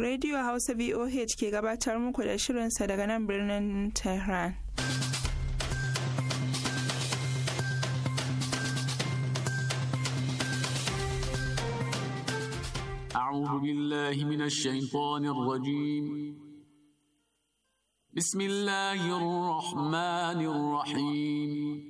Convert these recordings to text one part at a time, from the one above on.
Radio Hausa boh ke gabatar muku da shirinsa daga nan birnin Tehran. أعوذ بالله من الشيطان الرجيم بسم الله الرحمن الرحيم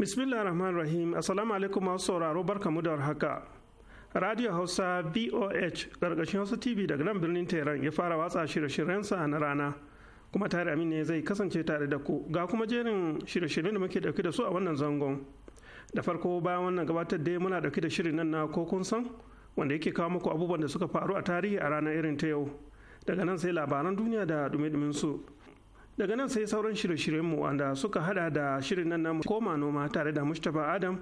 bismillah rahman rahim assalamu alaikum masu sauraro mu da haka radio hausa voh karkashin hausa tv daga nan birnin tehran ya fara watsa shirye shiryen sa na rana kuma tare amin ne zai kasance tare da ku ga kuma jerin shirye-shiryen da muke dauke da su a wannan zangon da farko bayan wannan gabatar dai muna dauke da shirin nan na ko kun san wanda yake kawo muku abubuwan da suka faru a tarihi a ranar irin ta yau daga nan sai labaran duniya da dumi-dumin su daga nan sai sauran shirye-shiryenmu wanda suka hada da shirin nan na koma noma tare da mustapha adam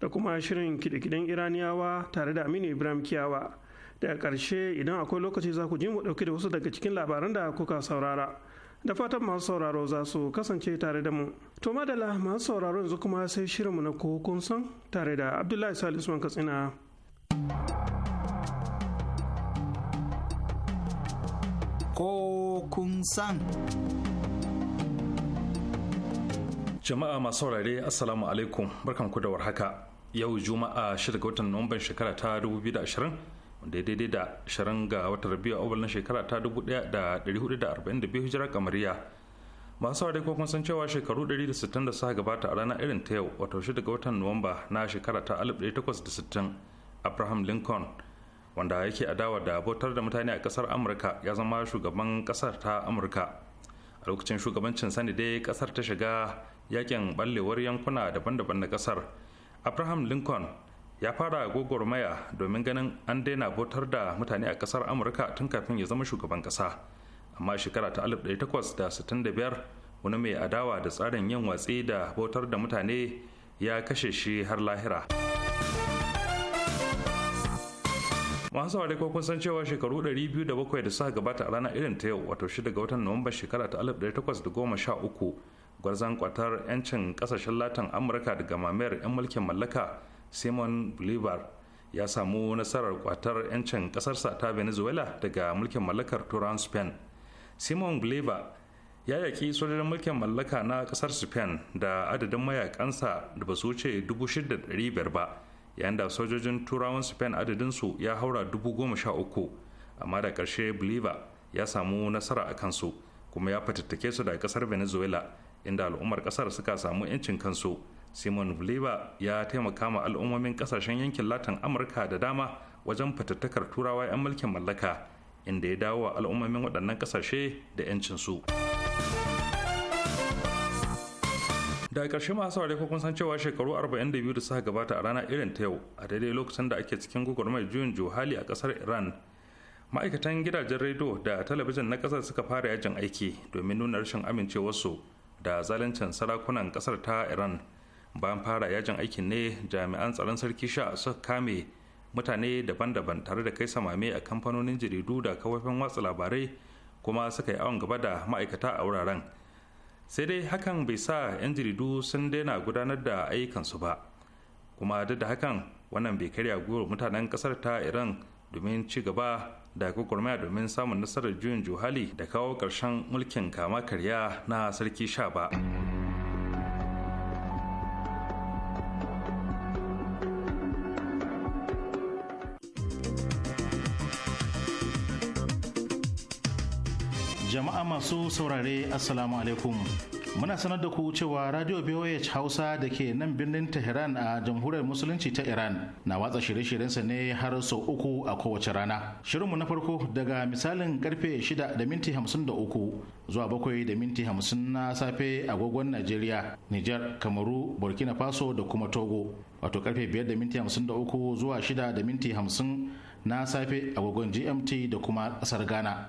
da kuma shirin kidikidin iraniyawa tare da aminu ibrahim kiyawa daga karshe idan akwai lokaci za ku ji mu dauke da wasu daga cikin labaran da kuka saurara da fatan masu sauraro za su kasance tare da mu to madala masu sauraro yanzu kuma sai shirinmu na kun san tare da abdullahi salisu katsina ko san jama'a masu saurare assalamu alaikum barkanku da warhaka yau juma'a 6 ga watan nuwamban shekara ta 2020 wanda ya daidai da 20 ga watan rabiu a na shekara ta 1442 hijira kamariya masu saurare ko kun san cewa shekaru 160 da suka gabata a ranar irin ta yau wato 6 ga watan nuwamba na shekara ta 1860 abraham lincoln wanda yake adawa da bautar da mutane a kasar amurka ya zama shugaban kasar ta amurka a lokacin shugabancin sani dai kasar ta shiga yakin ɓallewar yankuna daban-daban na kasar abraham lincoln ya fara gwagwarmaya domin ganin an daina bautar da mutane a ƙasar amurka tun kafin ya zama shugaban ƙasa amma shekara ta 1865 wani mai adawa da tsarin yin watsi da bautar da mutane ya kashe shi har lahira masu saurari ko kun san cewa shekaru 207 da suka gabata a ranar irin ta yau wato 6 ga watan nuwamba shekara ta 1813 gwarzan kwatar 'yancin kasashen latin amurka daga mamayar 'yan mulkin mallaka simon bolivar ya samu nasarar kwatar 'yancin kasarsa ta venezuela daga mulkin mallakar turan spain simon bolivar ya yaki sojojin mulkin mallaka na kasar spain da adadin mayakansa da ba su wuce 6,500 ba yayin da sojojin turawan spain adadinsu ya haura 13,000 amma da ƙarshe bolivar ya samu nasara a kansu kuma ya fatattake su daga kasar venezuela inda al'ummar kasar suka samu 'yancin kansu simon bolivar ya taimaka ma al'ummomin kasashen yankin latin amurka da dama wajen fatattakar turawa 'yan mulkin mallaka inda ya dawo a al'ummomin waɗannan kasashe da yancin su da ƙarshe masu saurare ko kun san cewa shekaru 42 da suka gabata a rana irin ta yau a daidai lokacin da ake cikin gugurmar juyin juhali a ƙasar iran ma'aikatan gidajen rediyo da talabijin na ƙasar suka fara yajin aiki domin nuna rashin amincewarsu da zaluncin sarakunan kasar ta iran bayan fara yajin aikin ne jami'an tsaron sarki sha suka kame mutane daban-daban tare da kai samame a kamfanonin jaridu da kawafin watsa labarai kuma suka yi awon gaba da ma'aikata a wuraren sai dai hakan bai sa 'yan jaridu sun daina gudanar da ayyukansu ba kuma duk da hakan wannan bai karya gwiwar mutanen kasar ta iran domin ci gaba da gwagwarmaya domin samun nasarar juyin juhali da kawo ƙarshen mulkin kama karya na sarki sha ba. jama'a masu saurare assalamu alaikum Muna sanar da ku cewa Radio BOH Hausa da ke nan birnin Tehran a Jamhuriyar Musulunci ta Iran na watsa shirye-shiryensa ne har sau uku a kowace rana. Shirinmu na farko daga misalin karfe 6 da minti 53 zuwa 7 da minti 50 na safe agogon Najeriya, Niger, Kamaru, Burkina Faso da kuma Togo. Wato karfe 5 da minti 53 zuwa 6 da minti 50 na safe agogon GMT da kuma kasar Ghana.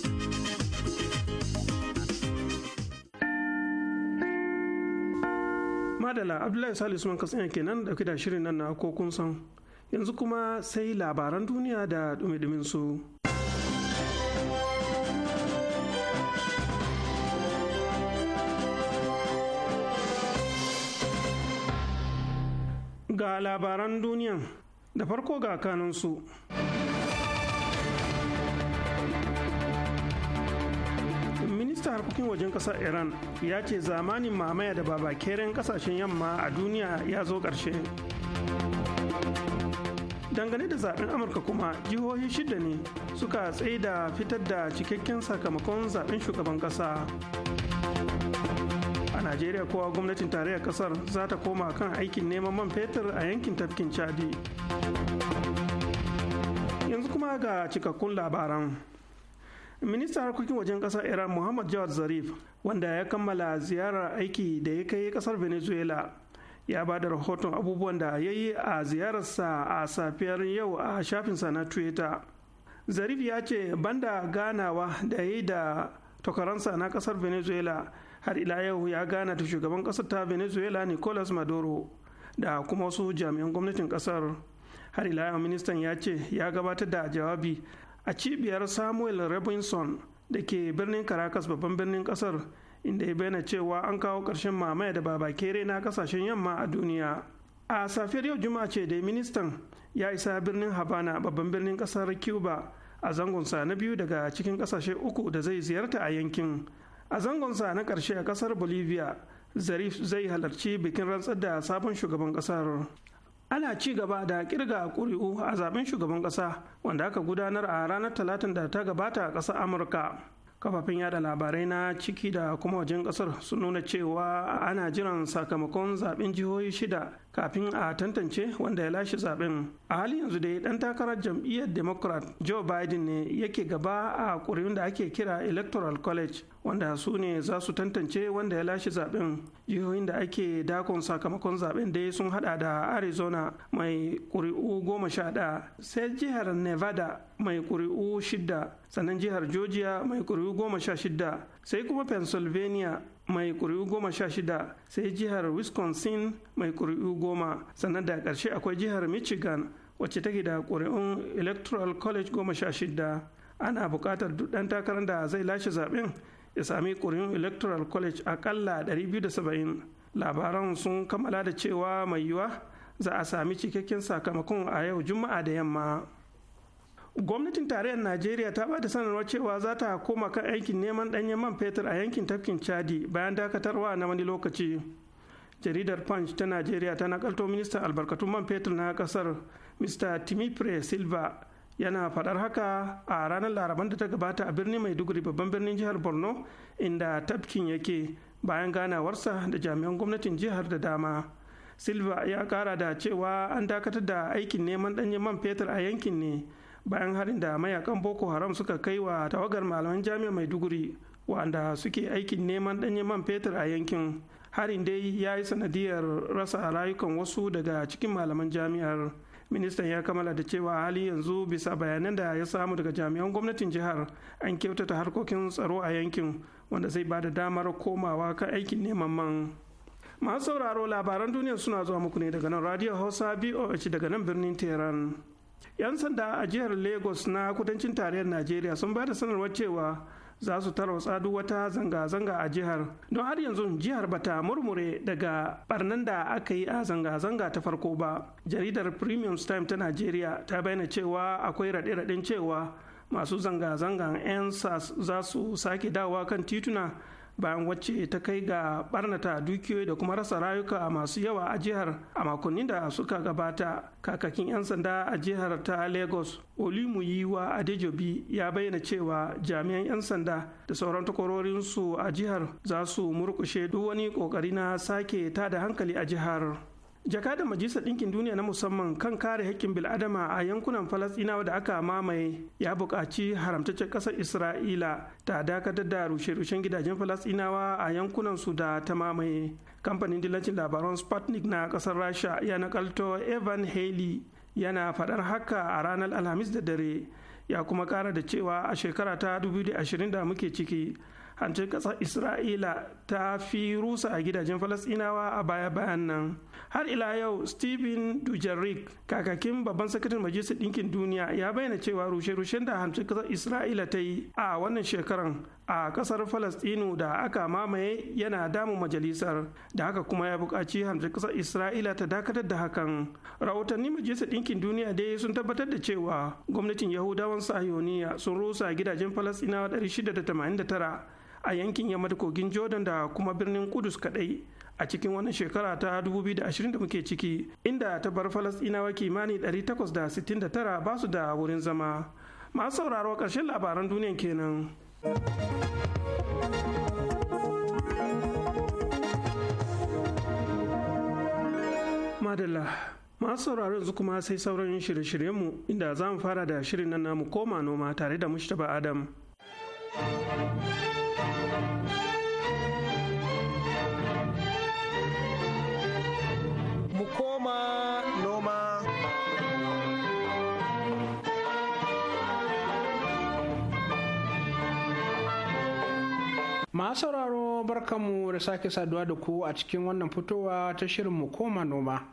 madala abdullahi salisu man kasan kenan dauke da shirin nan na ko kun san yanzu kuma sai labaran duniya da dumi su. ga labaran duniya da farko ga kanansu. su ministan harkokin wajen kasar iran ya ce zamanin mamaya da baba babakeren kasashen yamma a duniya ya zo ƙarshe dangane da zaben amurka kuma jihohi shida ne suka tsaida fitar da cikakken sakamakon zaben shugaban kasa a najeriya kowa gwamnatin tarayyar kasar za ta koma kan aikin neman man fetur a yankin tafkin chadi yanzu kuma ga cikakkun labaran ministan harkokin wajen kasar iran muhammad jawad zarif wanda ya kammala ziyarar aiki da ya kai kasar venezuela ya ba da rahoton abubuwan da ya yi a ziyararsa a safiyar yau a shafinsa na twitter zarif ya ce banda ganawa da ya yi da tokaransa na kasar venezuela har ila yau ya gana da shugaban kasar ta venezuela nicolas maduro da kuma wasu jami'an gwamnatin kasar har ila yau ministan ya ce ya gabatar da jawabi a cibiyar samuel robinson da ke birnin caracas babban birnin kasar inda ya bayyana cewa an kawo ƙarshen mamaya da baba babakere na kasashen yamma a duniya a safiyar yau juma'a ce da ministan ya isa birnin habana babban birnin kasar cuba a zangonsa na biyu daga cikin kasashe uku da zai ziyarta a yankin a zangonsa na ƙarshe a kasar bolivia zarif zai halarci bikin rantsar da sabon shugaban kasar ana ci gaba da kirga ƙuri'u a zaben shugaban ƙasa wanda aka gudanar a ranar talatin da ta gabata a ƙasar amurka kafafen yada labarai na ciki da kuma wajen ƙasar sun nuna cewa ana jiran sakamakon zaben jihohi shida kafin a tantance wanda ya lashe zaben a hali yanzu dai dan takarar jam'iyyar democrat joe biden ne yake gaba a ƙuri'un da ake kira electoral college wanda su ne za su tantance wanda ya lashe zaben jihohin da ake dakon sakamakon zaben dai sun hada da arizona mai ƙuri'u goma sha ɗaya sai jihar nevada mai ƙuri'u shidda sannan jihar georgia mai ƙuri'u goma sha shidda sai kuma pennsylvania mai ƙuri'u goma sha shida sai jihar wisconsin mai ƙuri'u goma sannan da ƙarshe akwai jihar michigan wacce ta da ƙuri'un electoral college goma sha shida ana buƙatar duk ɗan takarar da zai lashe zaɓen ya sami ƙuri'un electoral college aƙalla 270 labaran sun kammala da cewa mai yiwuwa za a sami cikakken sakamakon a yau juma'a da yamma. gwamnatin tarayyar najeriya ta bada sanarwar cewa za ta koma kan aikin neman danyen man fetur a yankin tafkin chadi bayan dakatarwa na wani lokaci jaridar punch ta najeriya ta nakalto ministan albarkatun man fetur na kasar mr timipre silva yana faɗar haka a ranar laraban da ta gabata a birnin maiduguri babban birnin jihar borno inda tafkin yake bayan ganawarsa da jami'an gwamnatin jihar da dama silva ya kara da cewa an dakatar da aikin neman danyen man fetur a yankin ne bayan harin da mayakan boko haram suka kai wa tawagar malaman mai maiduguri wanda suke aikin neman ɗanyen man fetur a yankin harin dai ya yi sanadiyar rasa rayukan wasu daga cikin malaman jami'ar ministan ya kammala da cewa hali yanzu bisa bayanan da ya samu daga jami'an gwamnatin jihar an kyautata harkokin tsaro a yankin wanda zai ba da damar komawa kan aikin neman man masu sauraro labaran duniya suna zuwa muku ne daga nan radio hausa boh daga nan birnin tehran 'yan sanda a jihar lagos na kudancin tarayyar najeriya sun ba da sanarwar cewa za su tarwatsa duk wata zanga-zanga a jihar don har yanzu jihar bata murmure daga barnan da aka yi a zanga-zanga ta farko ba jaridar premium time ta najeriya ta bayyana cewa akwai raɗe-raɗen cewa masu zanga-zangan 'yan sas za su sake dawa kan tituna bayan wacce ta kai ga barnata dukiyoyi da kuma rasa rayuka masu yawa a jihar a makonnin da suka gabata kakakin 'yan sanda a jihar ta lagos olimuyiwa adejobi ya bayyana cewa jami'an 'yan sanda da sauran takwarorinsu a jihar za su murkushe duk wani kokari na sake ta da hankali a jihar jakadan majalisar ɗinkin duniya na musamman kan kare haƙƙin bil'adama a yankunan falasɗinawa da aka mamaye ya buƙaci haramtaccen ƙasar isra'ila ta dakatar da rushe-rushen gidajen falasɗinawa a yankunan su da ta mamaye kamfanin dillacin labaran sputnik na ƙasar rasha ya nakalto evan haley yana faɗar haka a ranar alhamis da dare ya kuma ƙara da cewa a shekara ta 2020 da muke ciki hancin ƙasar isra'ila ta fi rusa a gidajen falasɗinawa a baya-bayan nan har ila yau steven dujarric kakakin babban sakataren majalisar ɗinkin duniya ya bayyana cewa rushe-rushen da hamsin ƙasar isra'ila ta yi a wannan shekaran a ƙasar falasɗinu da aka mamaye yana damun majalisar da haka kuma ya buƙaci hamsin kasar isra'ila ta dakatar da hakan rahotanni majalisar ɗinkin duniya dai sun tabbatar da cewa gwamnatin yahudawan sahiyoniya sun rusa gidajen falasɗinawa 689 a yankin yamma kogin jordan da kuma birnin kudus kadai a cikin wannan shekara ta 2020 da muke ciki inda ta bar falasɗinawa kimani 869 ba su da wurin zama masu sauraro ƙarshen labaran duniyan kenan madalla masu sauraro yanzu kuma sai sauran shirye mu inda za mu fara da shirin nan namu koma noma tare da mushtaba adam masauraro sauraro barkanmu da sake saduwa da ku a cikin wannan fitowa ta shirin mu koma noma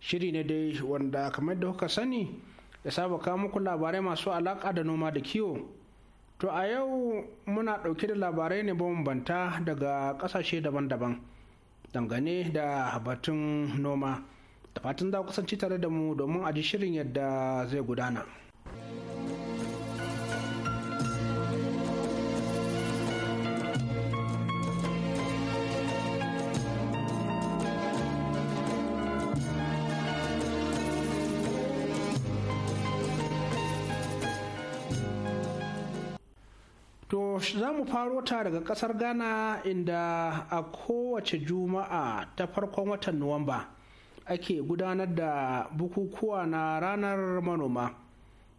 shiri ne dai wanda kamar da kuka sani ya saba kawo muku labarai masu alaƙa da noma da kiwo to a yau muna ɗauke da labarai ne bambanta daga ƙasashe daban-daban dangane da batun noma da fatan za ku kasance tare da mu domin a ji shirin yadda zai gudana. za mu faro ta daga kasar ghana inda a kowace juma'a ta farkon watan nuwamba ake gudanar da bukukuwa na ranar manoma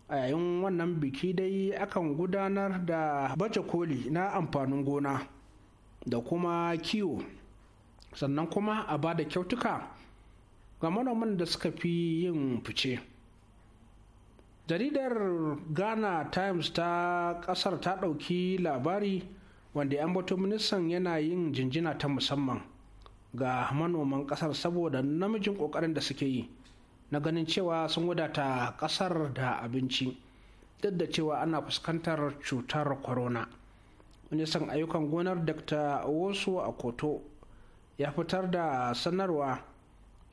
a yayin wannan biki dai akan gudanar da baje koli na amfanin gona da kuma kiwo sannan kuma a ba da kyautuka ga manoman da suka fi yin fice. jaridar ghana times ta kasar ta ɗauki labari wanda yan bato ministan yana yin jinjina ta musamman ga manoman kasar saboda namijin kokarin da suke yi na ganin cewa sun wadata kasar da abinci duk da cewa ana fuskantar cutar corona ministan ayyukan gonar dr a koto ya fitar da sanarwa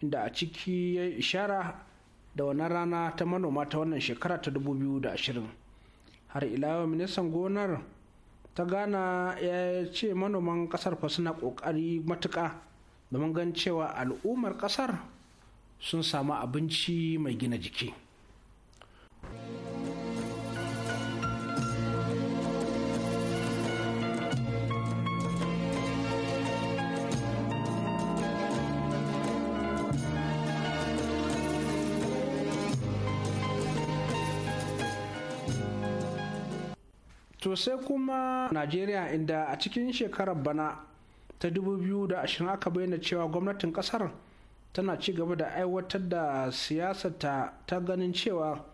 inda a ciki ya ishara da wannan rana ta manoma ta wannan shekara ta 2020 har ila ministan gonar ta gana ya ce manoman kasar fa suna kokari matuka domin gan cewa al'ummar kasar sun samu abinci mai gina jiki. sosai sai kuma najeriya inda a cikin shekarar bana ta 2020 aka bayyana cewa gwamnatin kasar tana ci gaba da aiwatar da siyasarta ta ganin cewa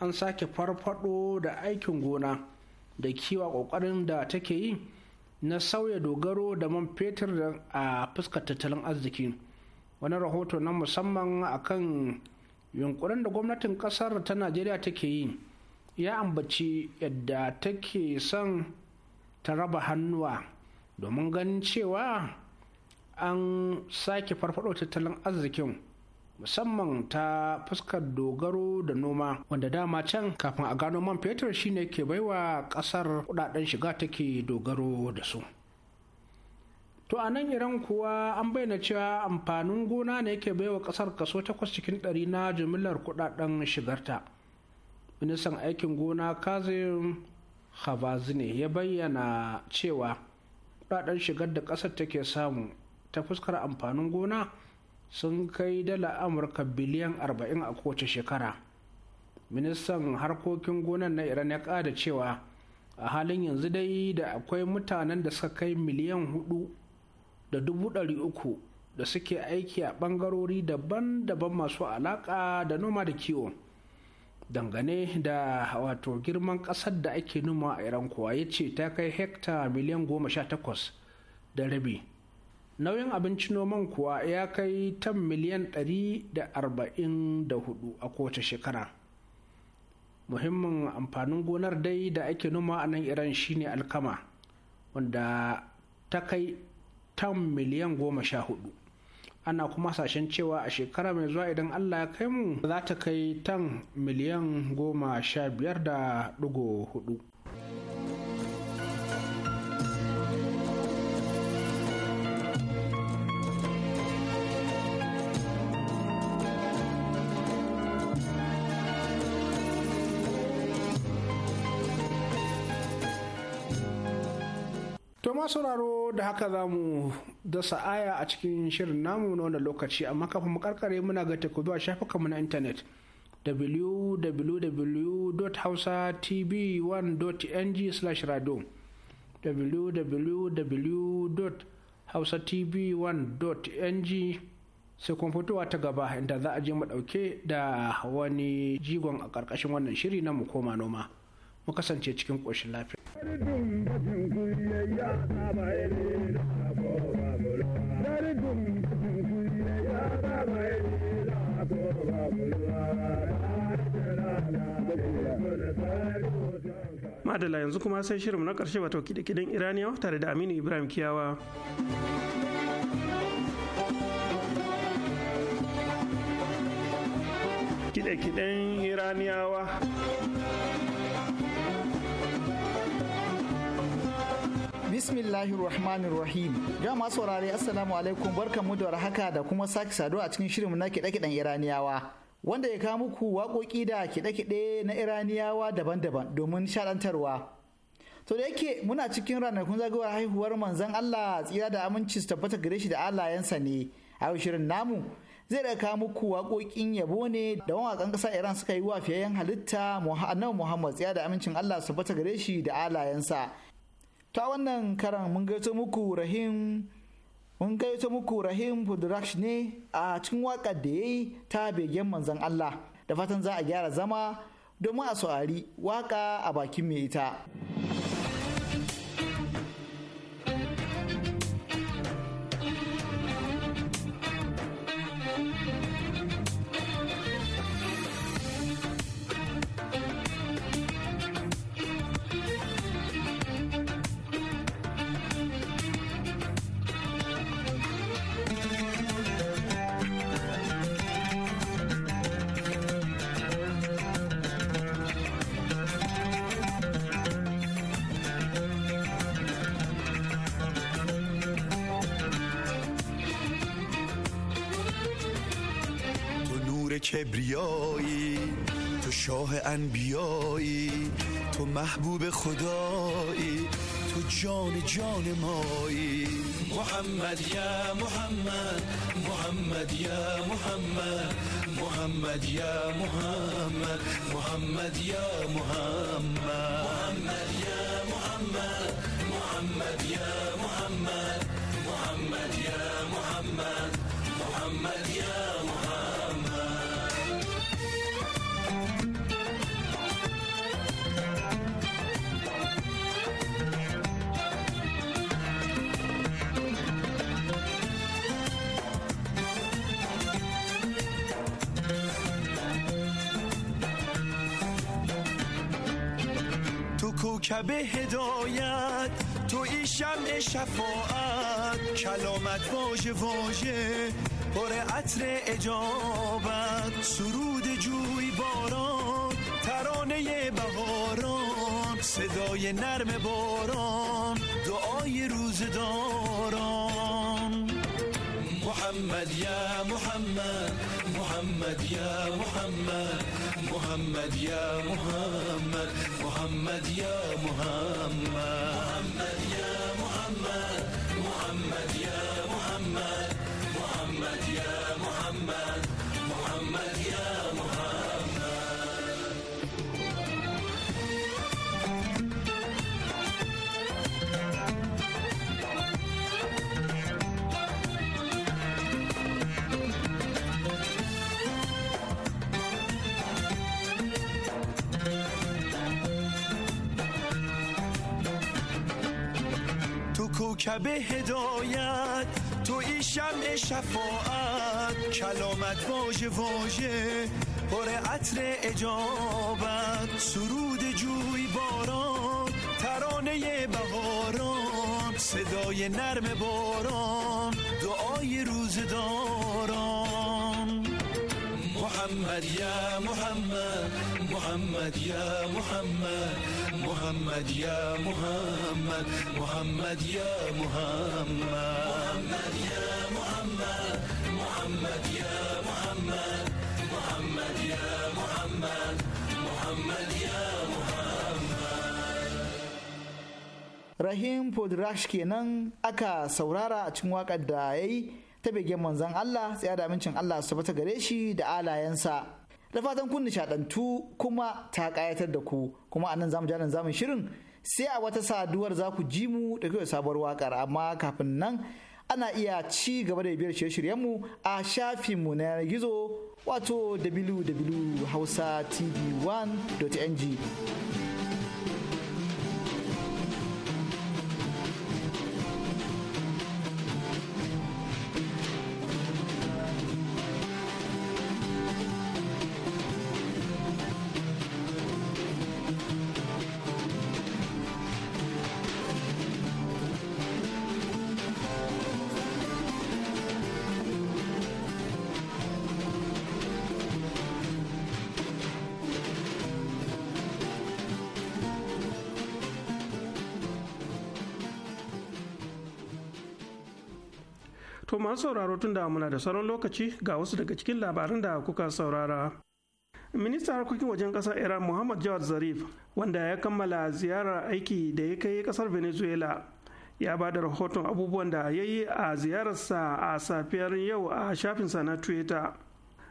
an sake farfado da aikin gona da kiwa kokarin da take yi na sauya dogaro da man fetur a fuskar tattalin arziki wani rahoto na musamman akan yunkurin da gwamnatin kasar ta najeriya take yi ya ambaci yadda take son ta raba hannuwa domin ganin cewa an sake farfado tattalin arzikin musamman ta fuskar dogaro da noma wanda dama can kafin a gano man fetur shine ke baiwa kasar kudaden shiga take dogaro da su to a nan iran kuwa an bayyana cewa amfanin gona ne ke baiwa kasar kaso takwas cikin 100 na jumlar kudaden shigarta ministan aikin gona kazim habazine ya bayyana cewa kudaden shigar da ƙasar take samu ta fuskar amfanin gona sun kai dala amurka biliyan 40 a kowace shekara ministan harkokin gonan na iran ya ƙada cewa a halin yanzu dai da akwai mutanen da suka kai miliyan huɗu da dubu ɗari uku da suke aiki a ɓangarori daban-daban masu alaƙa da noma da kiwo. dangane da wato girman ƙasar da ake noma a iran kuwa ya ce ta kai hekta miliyan goma sha takwas da rabi nauyin abinci noman kuwa ya kai tan miliyan ɗari da arba'in da hudu a kowace shekara muhimmin amfanin gonar dai da ake noma a nan iran shine alkama wanda ta kai tan miliyan goma sha hudu ana kuma hasashen cewa a shekara mai zuwa idan allah ya kai mu za ta kai tan miliyan goma sha biyar da dugo hudu sauraro da haka za mu dasa aya a cikin shirin namu na wannan lokaci amma kafin mu karkare muna ga teku zuwa shafukanmu na intanet www.hausatv1.ng/radio www.hausatv1.ng sai kuma fitowa ta gaba inda za a je mu dauke da wani jigon a ƙarƙashin wannan shiri na mu koma noma. mu kasance cikin ƙoshin lafiya. Madala yanzu kuma sai shirin na ƙarshe wato kidikidin Iraniya tare da Aminu Ibrahim Kiyawa. Kiɗe-kiɗen Iraniyawa. bismillahirrahmanirrahim Rahmanir Rahim. masu saurare Assalamu alaikum mu da warhaka da kuma sake saduwa a cikin shirinmu na kiɗe-kiɗen Iraniyawa. Wanda ya kawo muku waƙoƙi da kiɗe-kiɗe na Iraniyawa daban-daban domin shaɗantarwa. To da yake muna cikin ranakun zagayowar haihuwar manzon Allah tsira da aminci su tabbata gare shi da alayensa ne a shirin namu zai da kawo muku waƙoƙin yabo ne da mawaƙan ƙasa Iran suka yi wa fiyayyen halitta Annabi Muhammad tsira da amincin Allah su tabbata gare shi da alayensa. ta wannan karan mun gaito muku rahim mun gaito muku rahim fudraksh ne a cikin waƙar da ya yi ta begen manzan Allah da fatan za a gyara zama domin a saurari waƙa a bakin mai ita. کبریایی تو شاه انبیایی تو محبوب خدایی تو جان جان مایی محمد یا محمد محمد یا محمد محمد یا محمد محمد یا محمد محمد یا محمد محمد یا محمد محمد یا کوکب هدایت تو ای شمع شفاعت کلامت واژه واژه پر عطر اجابت سرود جوی باران ترانه بهاران صدای نرم باران دعای روزداران محمد یا محمد محمد یا محمد محمد یا محمد محمد يا محمد محمد يا محمد محمد يا محمد محمد يا محمد کوکب هدایت ای شمع شفاعت کلامت واژه واژه پر عطر اجابت سرود جوی باران ترانه بهاران صدای نرم باران دعای روزداران محمد یا محمد محمد یا محمد محمد يا محمد محمد يا محمد محمد يا محمد محمد يا محمد محمد يا محمد Rahim Podrash kenan aka saurara a cikin waƙar da yayi ta begen manzon Allah tsaya da amincin Allah su bata gare shi da alayansa. da fatan kun nishadantu kuma ta kayatar da ku kuma anan zamu jaran zamun shirin sai a wata saduwar za ku ji mu da kai sabuwar wakar amma kafin nan ana iya ci gaba da biyar shirye shiryen mu a shafin mu na gizo wato www.hausatv1.ng To masu sauraro tun da muna da sauran lokaci ga wasu daga cikin labaran da kuka saurara. minista harkokin wajen ƙasar Iran Muhammad Jawad Zarif wanda ya kammala ziyarar aiki da ya kai ƙasar Venezuela ya ba da rahoton abubuwan da ya yi a ziyararsa a safiyar yau a shafinsa na Twitter.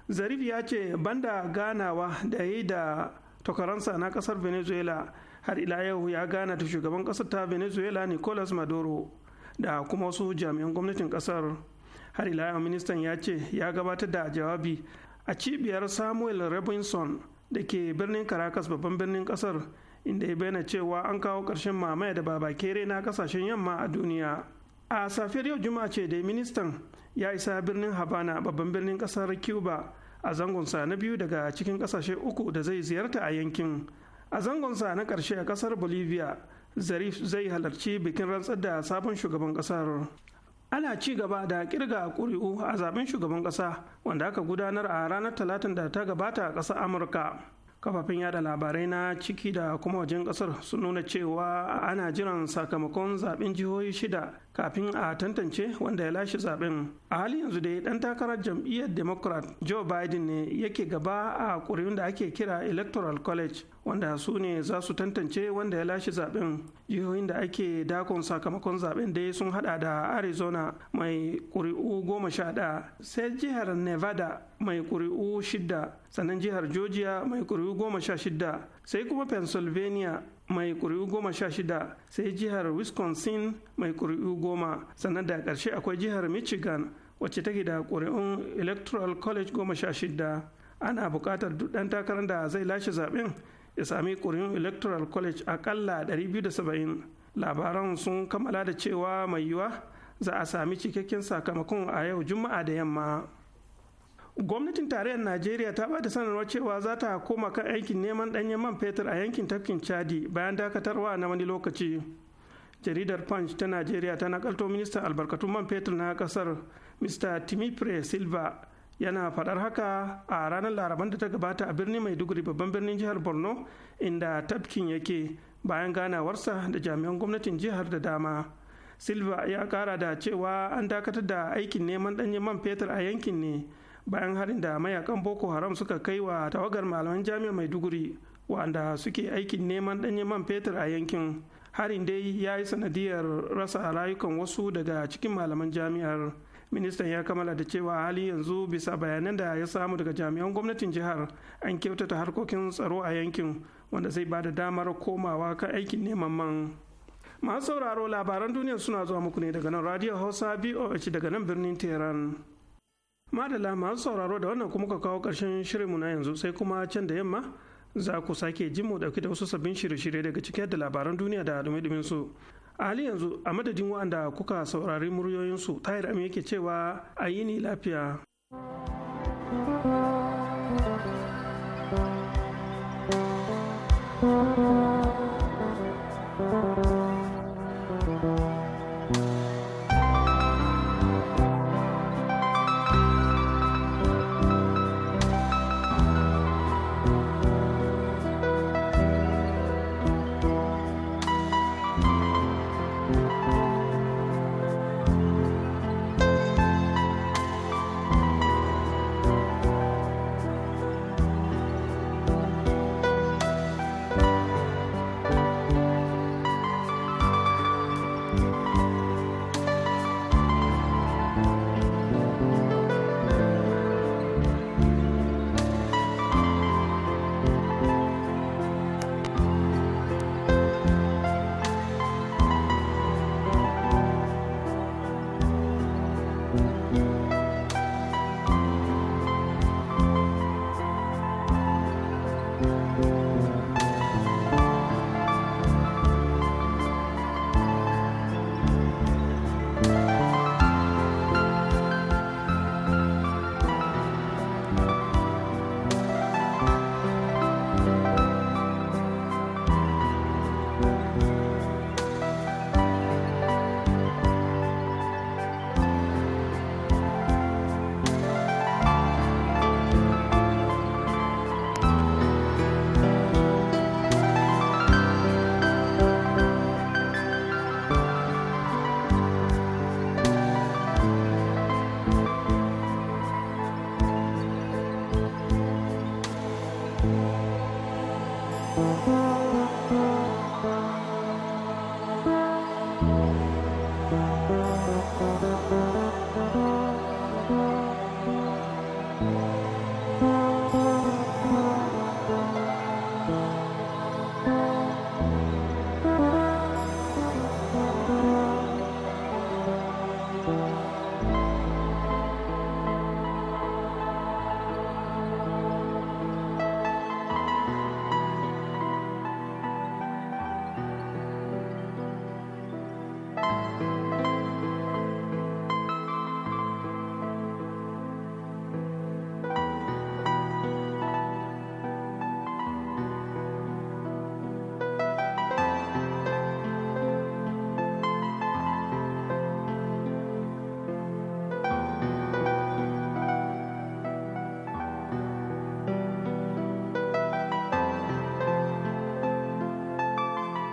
Zarif ya ce banda ganawa da ya yi da tokaransa na ƙasar Venezuela har ila yau ya gana da shugaban ƙasar ta Venezuela Nicolas Maduro. da kuma wasu jami'an gwamnatin ƙasar. har ila yau ministan ya ce ya gabatar da jawabi a cibiyar samuel robinson da ke birnin caracas babban birnin kasar inda ya bayyana cewa an kawo ƙarshen mamaya da baba kere na kasashen yamma a duniya a safiyar yau juma'a ce da ministan ya isa birnin habana babban birnin kasar cuba a zangonsa na biyu daga cikin kasashe uku da zai ziyarta a yankin a zangonsa na ƙarshe a kasar bolivia zarif zai halarci bikin rantsar da sabon shugaban kasar ana ci gaba da kirga ƙuri'u a zaben shugaban ƙasa wanda aka gudanar a ranar talatin da ta gabata a ƙasar amurka kafafen yada labarai na ciki da kuma wajen ƙasar sun nuna cewa ana jiran sakamakon zaben jihohi shida kafin a tantance wanda ya lashe zaben a hali yanzu dai dan takarar jam'iyyar democrat joe biden ne yake gaba a ƙuri'un da ake kira electoral college wanda su ne za su tantance wanda ya lashe zaben jihohin da ake dakon sakamakon zaben dai sun hada da arizona mai ƙuri'u goma sha ɗaya sai jihar nevada mai ƙuri'u shidda sannan jihar georgia mai ƙuri'u goma sha shidda. sai kuma pennsylvania mai kuri'u goma sha shida sai jihar wisconsin mai kuri'u goma sannan da ƙarshe akwai jihar michigan wacce take da kuri'un electoral college goma sha shida ana bukatar duk ɗan takarar da zai lashe zaben ya sami kuri'un electoral college aƙalla 270 labaran sun kammala da cewa mai yiwa za a sami cikakken sakamakon a yau juma'a da yamma gwamnatin tarayyar najeriya ta ba da sanarwar cewa za ta koma kan aikin neman ɗanyen man fetur a yankin tafkin chadi bayan dakatarwa na wani lokaci jaridar punch ta najeriya ta nakalto ministan albarkatun man fetur na kasar mr timipre silva yana faɗar haka a ranar laraban da ta gabata a birnin maiduguri babban birnin jihar borno inda tafkin yake bayan ganawarsa da jami'an gwamnatin jihar da dama silva ya kara da cewa an dakatar da aikin neman ɗanyen man fetur a yankin ne bayan harin da mayakan boko haram suka kai wa tawagar malaman jami'a mai duguri wanda suke aikin neman ɗanye man fetur a yankin harin dai ya yi sanadiyar rasa rayukan wasu daga cikin malaman jami'ar ministan ya kammala da cewa hali yanzu bisa bayanan da ya samu daga jami'an gwamnatin jihar an kyautata harkokin tsaro a yankin wanda zai ba da damar komawa ka aikin neman man masu sauraro labaran duniya suna zuwa muku ne daga nan radio hausa boh daga nan birnin Teran. madala masu sauraro da wannan kuma ka kawo ƙarshen shirinmu na yanzu sai kuma can da yamma za ku sake jin mu dauki da wasu sabbin shirye-shirye daga cike da labaran duniya da dumi su a hali yanzu a madadin waɗanda kuka saurari muryoyinsu tahir amin yake cewa a yi ni lafiya thank you